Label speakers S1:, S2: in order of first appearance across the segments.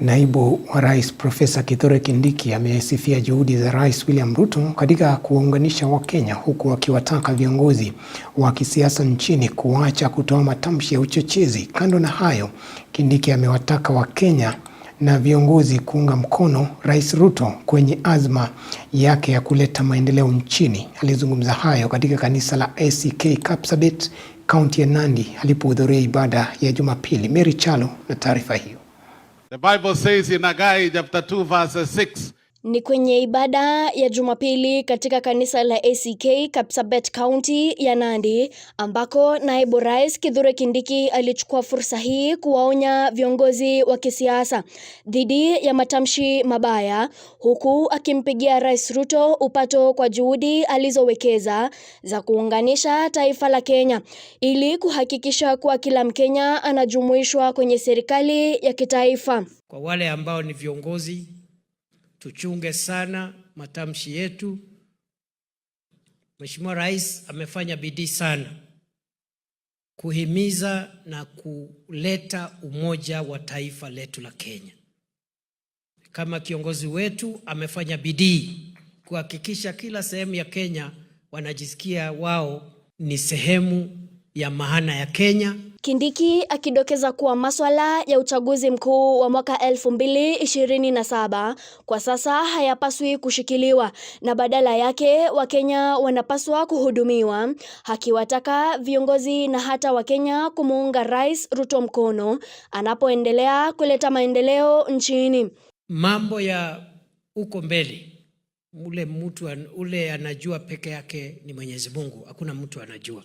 S1: Naibu wa Rais Profesa Kithure Kindiki amesifia juhudi za Rais William Ruto katika kuwaunganisha Wakenya huku akiwataka viongozi wa kisiasa nchini kuacha kutoa matamshi ya uchochezi. Kando na hayo, Kindiki amewataka Wakenya na viongozi kuunga mkono Rais Ruto kwenye azma yake ya kuleta maendeleo nchini. Alizungumza hayo katika kanisa la ACK Kapsabet, kaunti ya Nandi alipohudhuria ibada ya Jumapili. Mary Chalo na taarifa hiyo.
S2: The Bible says in Haggai chapter 2, verse 6
S3: Ni kwenye ibada ya Jumapili katika kanisa la ACK Kapsabet County ya Nandi ambako naibu rais Kithure Kindiki alichukua fursa hii kuwaonya viongozi wa kisiasa dhidi ya matamshi mabaya, huku akimpigia Rais Ruto upato kwa juhudi alizowekeza za kuunganisha taifa la Kenya ili kuhakikisha kuwa kila Mkenya anajumuishwa kwenye serikali ya kitaifa.
S4: Kwa wale ambao ni viongozi tuchunge sana matamshi yetu. Mheshimiwa Rais amefanya bidii sana kuhimiza na kuleta umoja wa taifa letu la Kenya. Kama kiongozi wetu amefanya bidii kuhakikisha kila sehemu ya Kenya wanajisikia wao ni sehemu ya maana ya Kenya.
S3: Kindiki akidokeza kuwa maswala ya uchaguzi mkuu wa mwaka 2027 kwa sasa hayapaswi kushikiliwa na badala yake Wakenya wanapaswa kuhudumiwa, akiwataka viongozi na hata Wakenya kumuunga Rais Ruto mkono anapoendelea kuleta maendeleo nchini.
S4: Mambo ya uko mbele, ule mtu ule anajua peke yake ni Mwenyezi Mungu, hakuna mtu anajua.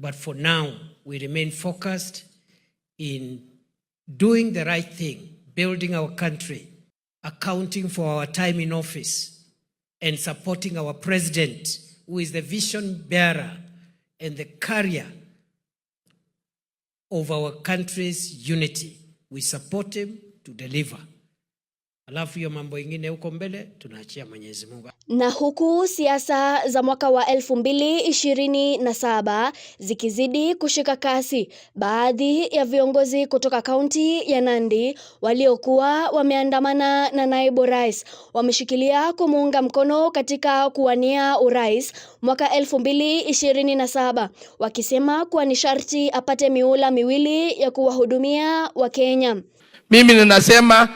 S4: But for now, we remain focused in doing the right thing, building our country, accounting for our time in office, and supporting our president, who is the vision bearer and the carrier of our country's unity. We support him to deliver. Alafu hiyo mambo ingine huko mbele tunaachia Mwenyezi Mungu.
S3: Na huku siasa za mwaka wa elfu mbili ishirini na saba zikizidi kushika kasi, baadhi ya viongozi kutoka kaunti ya Nandi waliokuwa wameandamana na naibu rais wameshikilia kumuunga mkono katika kuwania urais mwaka elfu mbili ishirini na saba wakisema kuwa ni sharti apate miula miwili ya kuwahudumia Wakenya.
S5: Mimi ninasema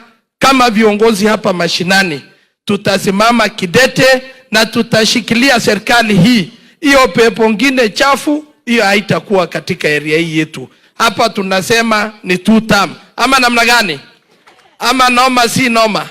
S5: kama viongozi hapa mashinani tutasimama kidete na tutashikilia serikali hii. Hiyo pepo ngine chafu hiyo haitakuwa katika area hii yetu. Hapa tunasema ni two term ama namna gani? Ama noma si noma?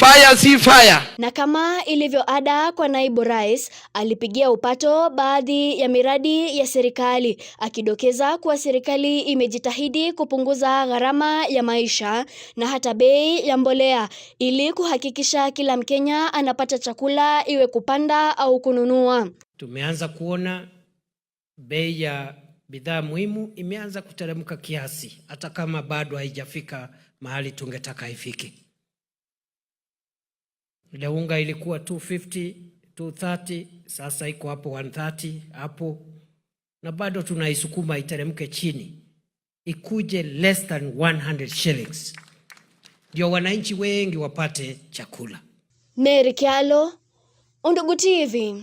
S5: Fire si fire.
S3: Na kama ilivyo ada kwa naibu rais, alipigia upato baadhi ya miradi ya serikali akidokeza kuwa serikali imejitahidi kupunguza gharama ya maisha na hata bei ya mbolea ili kuhakikisha kila Mkenya anapata chakula iwe kupanda au kununua.
S4: Tumeanza kuona bei ya bidhaa muhimu imeanza kuteremka kiasi hata kama bado haijafika mahali tungetaka ifike. Ile unga ilikuwa 250, 230, sasa iko hapo 130 hapo, na bado tunaisukuma iteremke chini ikuje less than 100 shillings, ndio wananchi wengi wapate chakula.
S3: Mary Kyalo, Undugu TV.